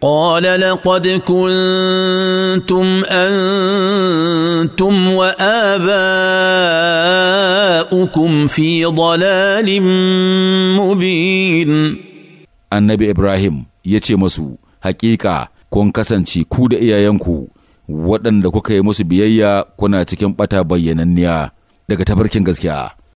قال لقد كنتم انتم واباؤكم في ضلال مبين annabi ibrahim ya ce masu hakika kun kasance ku da iyayenku waɗanda kuka yi musu biyayya kuna cikin ɓata bayyananniya daga tafarkin gaskiya